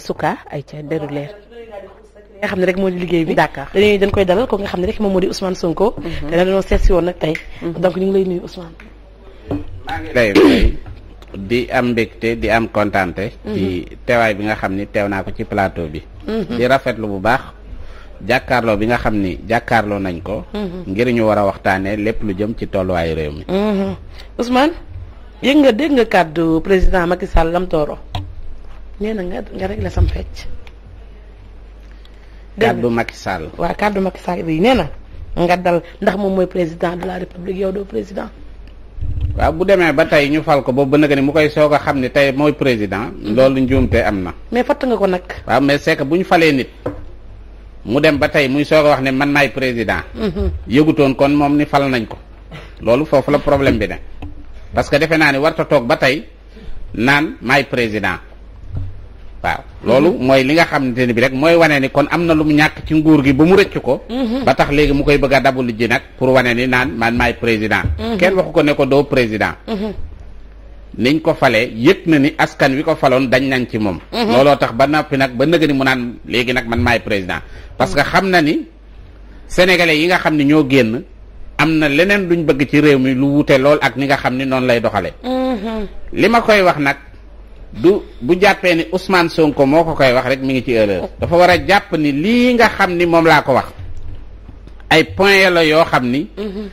suka ay ca deru leer nga xam ne rek moo di liggéey bi d'accord dañuy dañ koy dalal ko nga xam ne rek moom moo di Ousmane Sonko mhm. te dañoo seet si woon nag tey mhm. donc ñu ngi lay nuyu Ousmane di am mbégte di am kontaante mhm. teewaay bi nga xam ni teew naa ko ci plateau bi di rafetlu bu baax jàkkaarloo bi nga xam ni jàkkaarloo nañ ko ngir ñu war a waxtaanee lépp lu jëm ci tolluwaayu réew mi Ousmane yëg nga dégg nga kàddu président Macky Sall lam nee na nga nga réglé sam fecc. dégg nga kàddu Macky kàddu Macky Sall bi na nga dal ndax moom mooy président de la république yow doo président. waaw bu demee ba tey ñu fal ko boobu ba nag ni mu koy soog a xam ne tey mooy président loolu njuumte am na. mais fatt nga ko nag. waaw mais c'est bu ñu falee nit mu dem ba tey muy soog a wax ne man maay président. Mhm. yëgutoon kon moom ni fal nañ ko loolu foofu la problème bi ne parce que defe naa ni warta toog ba tey naan maay président. waaw loolu mhm. mooy li nga xamante ne bi rek mooy wane ni kon am na lu mu ñàkk ci nguur gi ba mu rëcc ko mhm. ba tax léegi mu koy bëgg a dabul ji nag pour wane ni naan man maay président mhm. kenn waxu ko ne ko doo président niñ ko fale yëg na ni askan wi ko faloon dañ nañ ci moom looloo tax ba noppi nag ba nëga ni mu naan léegi nag man maay président parce que xam na ni sénégalais yi nga xam ne ñoo génn am na leneen luñ bëgg ci réew mi lu wute lool ak ni nga xam ni noonu lay doxale du bu jàppee ni Ousmane Sonko moo ko koy wax rek mu ngi ci erreur dafa war a jàpp ni lii nga xam ni moom laa ko wax ay point la yoo xam ni mm-hmm.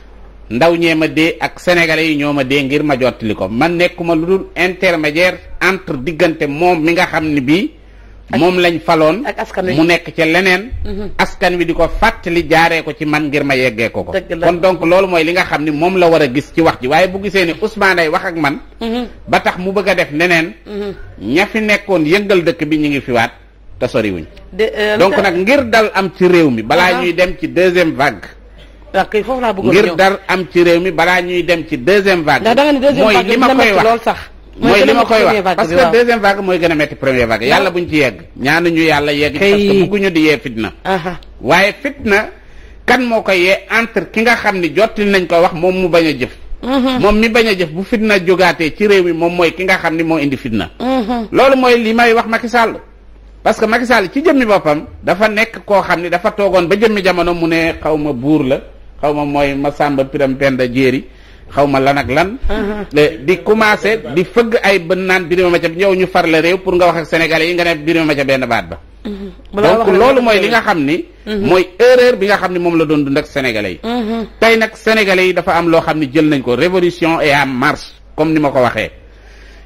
ndaw ñee ma dee ak sénégalais yi ñoo ma dee ngir ma jottali ko man nekkuma lu dul intermédiaire entre diggante moom mi nga xam ni bii moom lañ faloon mu nekk ca leneen mhm. askan wi di ko fàttali jaaree ko ci man ngir ma yeggee ko ko kon donc loolu mooy li nga xam ni moom la war a gis ci wax ji waaye bu gisee ni Ousmane ay wax ak man mhm. ba tax mu bëgg a def neneen mhm. ña fi nekkoon yëngal dëkk bi ñu ngi fiwaat waat te soriwuñ euh, donc nag ngir uh-huh. ah, dal am ci réew mi balaa ñuy dem ci deuxième vague ngir dal am ci réew mi balaa ñuy dem ci deuxième vague mooy li ma koy wax mooy li ma koy wax parce que vague mooy gën a metti première vague yàlla buñ ci yegg ñaanuñu yàlla yegg parce que bugguñu di yee fitna waaye fitna kan moo koy yee entre ki nga xam ni jotti nañ ko wax moom mu bañ a jëf mhm. moom mi bañ a jëf bu fitna jógaatee ci réew mi moom mooy ki nga xam ni moo indi fitna mhm. loolu mooy li may wax Macky Sall parce que Macky Sall ci jëmmi boppam dafa nekk koo xam ni dafa toogoon ba jëmmi jamono mu ne xaw ma buur la xaw ma mooy Masamba Piram Penda Jéeri xaw ma lan ak lan. Uh-huh. di commencé di fëgg ay bën naan Birima Macha ñëw ñu far la réew pour nga wax ak sénégalais yi nga ne Birima Macha benn baat ba. Uh-huh. donc loolu mooy li nga xam ni. Uh-huh. mooy erreur bi nga xam ni moom la doon dund ak sénégalais yi. tey nag sénégalais yi dafa am loo xam ni jël nañ ko révolution et en marche comme ni ma ko waxee.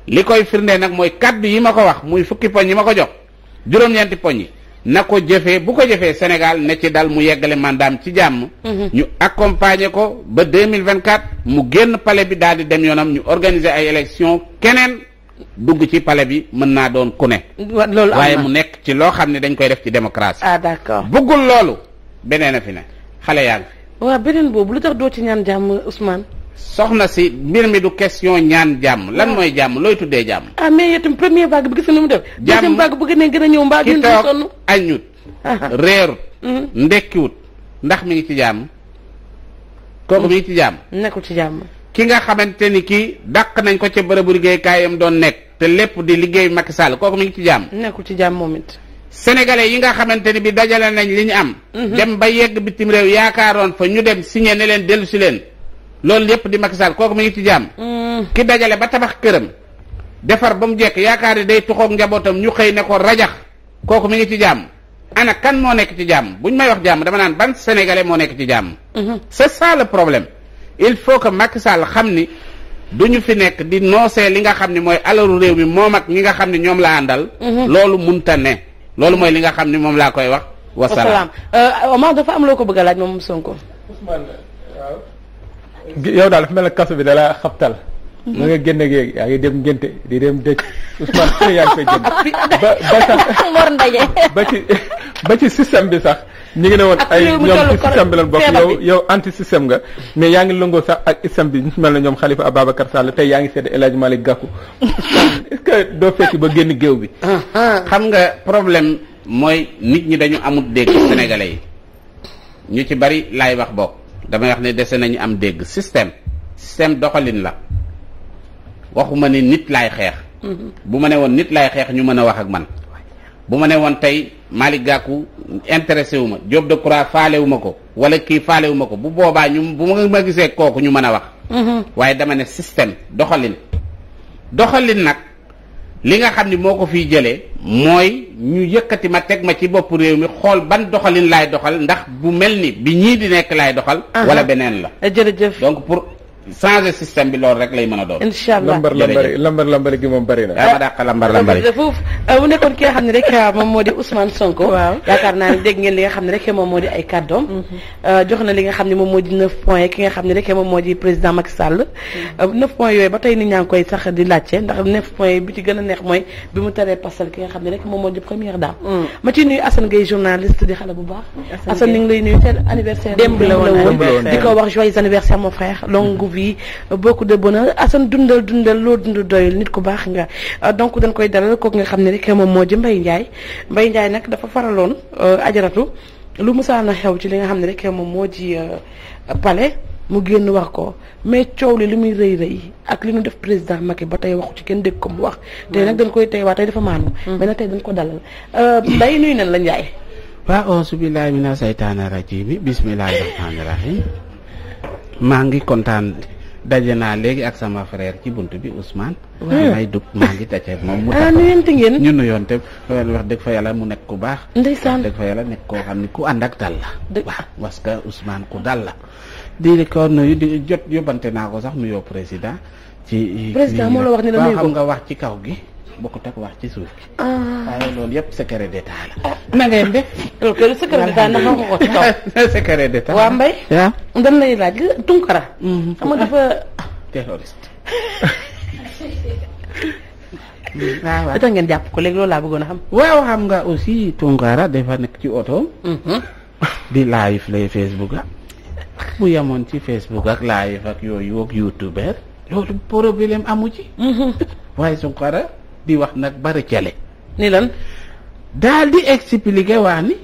li koy firndee nag mooy kaddu yi ma ko wax muy fukki poñ yi ma ko jox juróom-ñeenti poñ yi. na ko jëfee bu ko jëfee Sénégal ne ci dal mu yeggale mandaam ci jàmm. Mhm. ñu accompagner ko ba deux mille vingt quatre mu génn pale bi daal di dem yoonam ñu organiser ay élection keneen dugg ci pale bi mën naa doon ku ne. loolu waaye mu nekk ci loo xam ne dañ koy def ci démocratie. ah d'accord bëggul loolu beneen a fi ne xale yaa ngi fi. beneen boobu lu tax doo ci ñaan jàmm Ousmane. soxna si mbir mi du question ñaan jàmm lan mooy jàmm looy tuddee jàmm. ah mais itam première vague bi gis na mu def. jàmm deuxième vague bu gënee gën a ñëw mbaa gën a sonn. añut reeru mhm. ndekkiwut ndax mi ngi ci jàmm. kooku mi ngi ci jàmm. nekkul ci jàmm. ki nga xamante ni kii daq nañ ko ca bu liggéeykaayam doon nekk. te lépp di liggéey Macky Sall kooku mu ngi ci jàmm. nekkul ci jàmm moom it. sénégalais yi nga xamante ni bi dajale nañ li am. Mhm. dem ba yegg bitim réew yaakaaroon fa ñu dem signé ne leen dellu si leen loolu yëpp di Macky Sall kooku mu ngi ci jàmm. Mm. ki dajale ba tabax këram. defar ba mu jekk yaakaar ne day tuxoog njabootam ñu xëy ne ko rajax kooku mu ngi ci jàmm. ana kan moo nekk ci jàmm bu ñu may wax jàmm dama naan ban sénégalais moo nekk ci jàmm. Mm-hmm. c'est ça problème. il faut que Macky Sall xam ni du ñu fi nekk di noosee li nga xam ne mooy alalu réew mi moom ak ñi nga xam ne ñoom laa àndal. Mm-hmm. loolu munta ne. loolu mooy li nga xam ne moom laa koy wax. wasalaam euh, Omar dafa am loo ko bëgg a laaj moom Sonko. Ousmane waaw. yow daal dafa mel ne kaso bi dala xabtal. Mhm. na nga génn géeg yaa ngi dem ngénte di dem dëkk Ousmane fu ne yaa ngi koy ba ba sax ba ci ba bi sax ñu ngi ne woon ay ñoom ci système bi lan bokk yow yow anti système nga mais yaa ngi lëngoo sax ak système bi ñu mel na ñoom xalifa Khalifa Ababacar Sall tey yaa ngi sedd El Hadj Malick Gakou est doo fekki ba génn géew bi ah, ah, xam nga problème mooy nit ñi dañu amul dégg sénégalais yi ñu ci bari laay wax bokk damay wax ne dese nañu am dégg système système doxalin la waxuma ne nit laay xeex mhm. bu ma ne woon nit laay xeex ñu mën a wax ak man bu ma ne woon tey Malick Gakou intéressé wu ma Diop Decroix faale wu ko wala kii faale wu ko bu boobaa ñu bu ma ma gisee kooku ñu mën a wax mhm. waaye dama ne système doxalin doxalin nag li nga xam ni moo ko fi jëlee mooy ñu yëkkati ma teg ma ci bopp réew mi xool ban doxalin laay doxal ndax bu mel ni bi ñii di nekk laay doxal. wala beneen la. Eh, jërëjëf donc pour. changer système bi loolu rek lay mën a doon. incha allah lambar lambari lambar lambari gi moom bëri na. yaa ma dàq lambar lambari foofu euh, mu nekkoon ki nga xam ne rek euh, moom moo di Ousmane Sonko. waaw yaakaar naa ne dégg ngeen li nga xam ne rek moom moo di ay kàddoom. Mm-hmm. Euh, jox na li nga xam ne moom moo di neuf points ki nga xam ne rek moom moo di président Macky Sall. Mm-hmm. neuf points yooyu ba tey nit ñaa ngi koy sax di laajte ndax neuf points bi ci gën a neex mooy bi mu taree pasal ki nga xam ne rek moom moo di première dame. Mm. ma ciy nuyu Assane Gueye journaliste di xale bu baax. Assane ñu ngi lay nuyu seen anniversaire. démb la woon di ko wax joyeux anniversaire mon frère longue mm-hmm. boo ko de bonheur Assane dundal dundal loo dund doyul nit ku baax nga ah, donc dañ koy dalal kooku nga xam ne rek moom moo di Mbaye Ndiaye Mbaye nag dafa faraloon ah, ajaratu lu musaana xew ci li nga xam ne rek moom moo di ah, pale mu génn wax ko mais coow li li muy rëy rëy ak li ñu def président Macky ba tey waxu ci kenn dégg ko mu wax. tey nag dañ koy tey waa tey dafa maanu. Mm. mais nag tey dañ ko dalal mbay nuyu nañ la Ndiaye. waaw auzu billaahi mina saytaani rajiim bismillaahi rahmaani rahiim maa ngi kontaan daje naa léegi ak sama frère ci bunt bi Ousmane. waaw may dugg maa ngi daje moom. mu ah, tax nuyonte ngeen ñu nuyonte wax dëgg fa mu nekk ku baax. ndeysaan wax fa yàlla nekk koo xam ne ku ànd ak dal la. waaw parce que Ousmane ku dal di ko nuyu di jot yóbbante naa ko sax nuyoo président. ci président moo la wax ni la nuyu ko nga wax ci kaw gi. bokkut ak wax ci suuf ah. waaye loolu yëpp secret d'état la. na ah. ngeen def. lay laaj Tunkara. Mm-hmm. xam waaw waaw ngeen jàpp ko léegi loolu laa bëggoon xam. waaw xam nga aussi Tunkara dafa nekk ci oto. Mm-hmm. di live lay Facebook bu yemoon ci Facebook ak live ak yooyu ak youtubeur loolu problème amu ci. Mm-hmm. waaye Tunkara. di wax nag bari cele ni lan daal di expliquer wax ni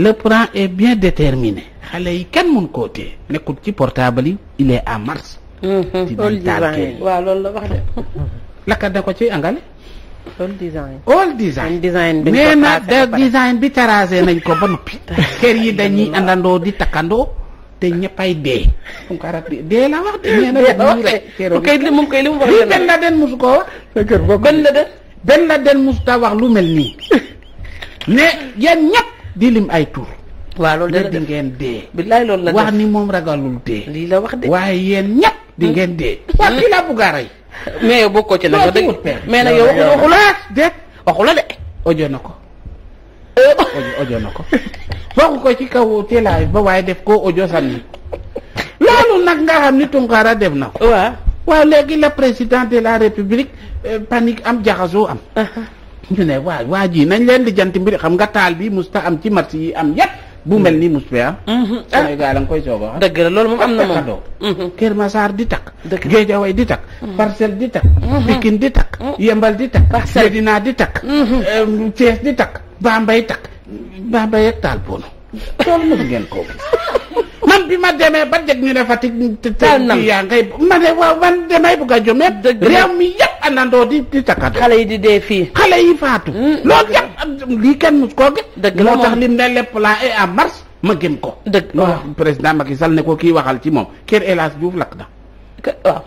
le plan est bien déterminé xale yi kenn mun koo téye ci portable yi il est en marche mhm. ci biir la wax lakkat na ko ci angale all design all design nee na de design bi terrassé nañ ko ba noppi kër yi dañuy àndandoo di takkandoo te ñëppay dee. comme que arab dee la wax de. nee na ñu rek terrorisme kay li mu kay li wax. Ben Laden mosu koo wax. Ben Laden. Ben Laden mosu taa wax lu mel nii. mais yéen ñëpp di lim ay tur. waaw loolu dana di ngeen dee. billaay loolu wax ni moom ragalul dee. lii la wax de waaye yéen ñëpp. di hmm? ngeen dee. Hmm? waaw kii laa bugg rey. mais yow bokkoo ci nag. mais nag la de. waxu la de. ojo na ko. ojo na ko. waxu ko ci kaw télé ba waaye def ko audio sànni loolu nag nga xam ni Tunkara def na ko waaw léegi la président de la république euh, panique am jaxasoo am ñu ne waa waa ji nañ leen di janti mbir xam nga taal bii musta am ci marché yi am yépp bu mel nii mus fi am mhm. ah. Sénégal a nga koy sooga xam dëgg la loolu moom am na moom doo mhm. Kër Masaar di takk Géejawaay di takk mhm. Parcelles di takk Pikine di takk Yembal di takk Medina di takk euh, Thiès di takk Bambey takk baaba yeeg taal pono loolu mos ngeen ko man bi ma demee ba jeg ñu ne Fatick taal nam yaa ngay ma ne waaw man damay bugg a jomee réew mi yëpp àndandoo di di takkatu xale yi di dee fii xale yi faatu mm. loolu yëpp lii kenn mos koo gis dëgg la moo tax lim ne lépp ko dëgg loolu président Macky Sall ne ko kii waxal ci moom kër El Hadj Diouf lakk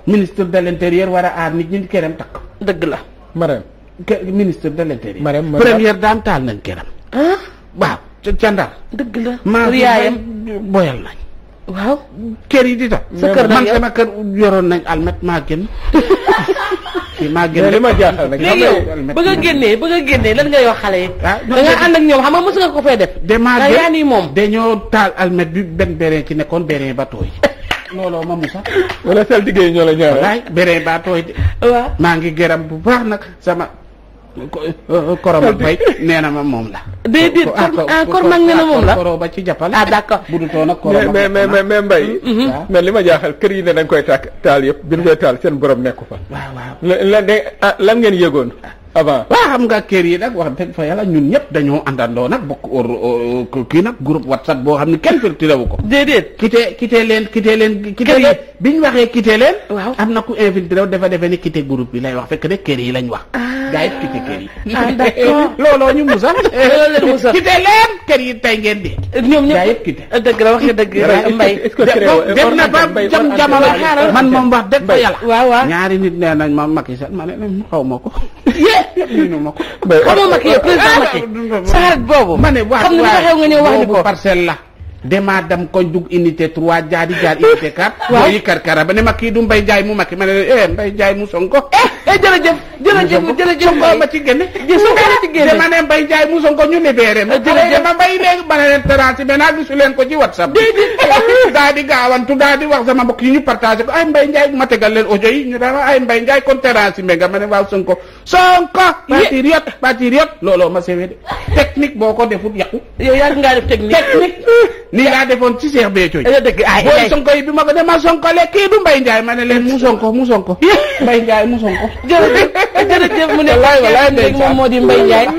ministre de l' intérieur war a aar nit ñi këram takk dëgg la Marème ministre de l' intérieur première dame taal nañ këram ah. waaw ca Ndar. dëgg la maa riyaayam boyal nañ. waaw kër yi di tax. sa kër man sama kër yoroon nañ almet maa génn. maa génn li ma jaaxal nag. léegi yow ba nga génnee ba nga génnee lan ngay wax xale yi. Ah, da nga ànd ak ñoom xam nga mos nga ko fay def. damaa de yaa nii dañoo taal almet bi benn béréb ci nekkoon béréb ba tooy. looloo ma musa wala sel diggéey ñoo la ñëwaat. wallaay béréb ba tooy de. maa ngi gërëm bu baax nag sama. Euh, koromak Mbaye nee na ma moom la. déedéet ah Koromak nee na moom la Koro ba ci jàppal. ah d' accord budul toon ak Koromak mais mais mais mais Mbaye. Mm-hmm. mais li ma jaaxal kër yi ne dañ koy tàkk taal yëpp bi ñu koy taal seen borom nekku fa. waaw waaw lan ah, lan ngeen yëgoon. avant waaw xam nga kër yi nag wax dëgg fa yàlla ñun ñëpp dañoo àndandoo nag bokk kii nag groupe whatsapp boo xam ne kenn filtré wu ko. déedéet kite kite leen kite leen. kite yi bi ñu waxee kite leen. waaw am na ku infiltré wu dafa defe ne kite groupe bi lay wax fekk de kër yi lañ wax. Ah. gaa yëpp quitté kër yi. ah d'accord looloo ñu musal. looloo leen musal quitté leen kër yi tey ngeen di. ñoom ñëpp gaa yëpp quitté. dëgg la wax nga dëgg mbay. dem na ba jam jamono xaaral. man moom wax dëgg ko yàlla. waaw waaw ñaari nit nee nañ ma Macky Sall ma ne xaw ma ko. yéen yéen ma ko. xamoo Macky yow président Macky. saxaat boobu. ma ne wax waaye boobu parcelle la. dema dam koñ dug unité 3 jaari jaar unité 4. waaw karkara ba ne ma kii du Mbaye Ndiaye mu makki ma ne eh Mbaye Ndiaye mu sonko. eh, eh jërëjëf. jërëjëf jërëjëf sonko ma ci génne. sonko ma ci génne dama ne Mbaye Ndiaye mu sonko ñu libéré ma. Eh, jërëjëf ma bay léegi ne leen terrasse mais naa gisu leen ko ci whatsapp. déedéet daa di gaawantu daa di wax sama mbokk yi ñu partagé ko ay Mbaye Ndiaye ma tegal leen audio yi ñu daan ay Mbaye Ndiaye kon terrasse mais nga ma ne waaw sonko sonko patriote patriote looloo ma sewee technique boo ko defut yàqu. yow yaa ngaa def technique. technique nii laa defoon ci Cheikh Béthio. dëgg ay booy sonko yi bi ma ko dama sonko le kii du Mbaye Ndiaye ma ne leen mu sonko mu sonko Mbaye Ndiaye mu sonko. jërëjëf jërëjëf mu ne. wallaay wallaay moom moo di Mbaye Ndiaye.